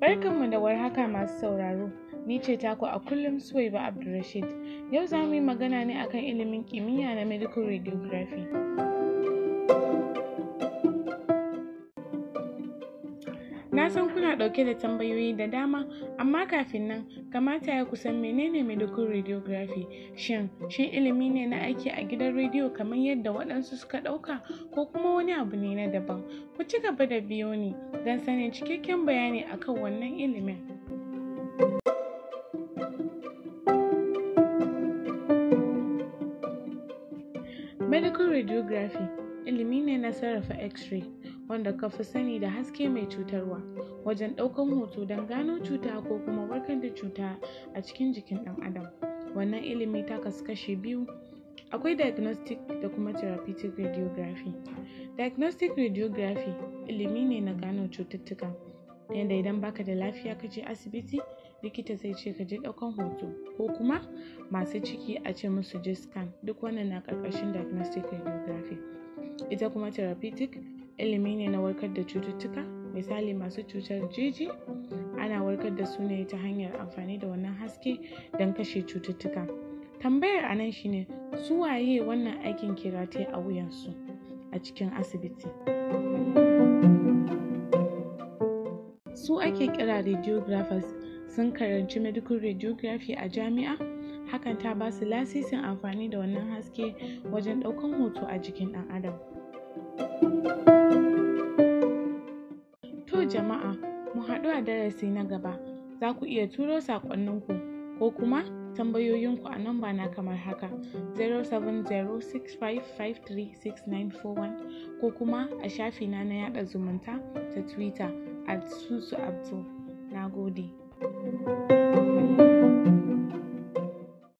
Barkanmu da warhaka masu sauraro, ni ce taku a kullum Suwaiba Abdulrashid. Yau za mu yi magana ne akan ilimin kimiyya na Medical Radiography. Na san kuna ɗauke da tambayoyi da dama, amma kafin nan kamata ya kusan menene medical radiography? Shin, shin ilimi ne na aiki a gidan rediyo kamar yadda waɗansu suka ɗauka ko kuma wani abu ne na daban? Ku ci gaba da biyo ni don sanin cikakken bayani akan wannan ilimin. Medical radiography ilimi ne na sarrafa X-ray. wanda ka fi sani da haske mai cutarwa wajen ɗaukan hoto don gano cuta ko kuma warkar da cuta a cikin jikin ɗan adam wannan ilimi ta kasu kashe biyu akwai diagnostic da kuma therapeutic radiography diagnostic radiography ilimi ne na gano cututtuka yadda idan baka da lafiya ka je asibiti likita zai ce ka je ɗaukan hoto ko kuma masu ciki a ce musu je scan duk wannan na ƙarƙashin diagnostic radiography ita kuma therapeutic ilimi ne na warkar da cututtuka misali masu cutar jeji ana warkar da su ne ta hanyar amfani da wannan haske don kashe cututtuka tambayar a nan shine su waye wannan aikin kiratai a wuyansu a cikin asibiti su ake kira radiographers sun karanci medical radiography a jami'a hakan ta ba su lasisin amfani da wannan haske wajen ɗaukan hoto a jikin ɗan adam jama'a mu haɗu a darasi na gaba za ku iya turo saƙonninku ko kuma tambayoyinku a namba na kamar haka 0706553 ko kuma a shafi na na yaɗa zumunta ta twitter at susu abdul na gode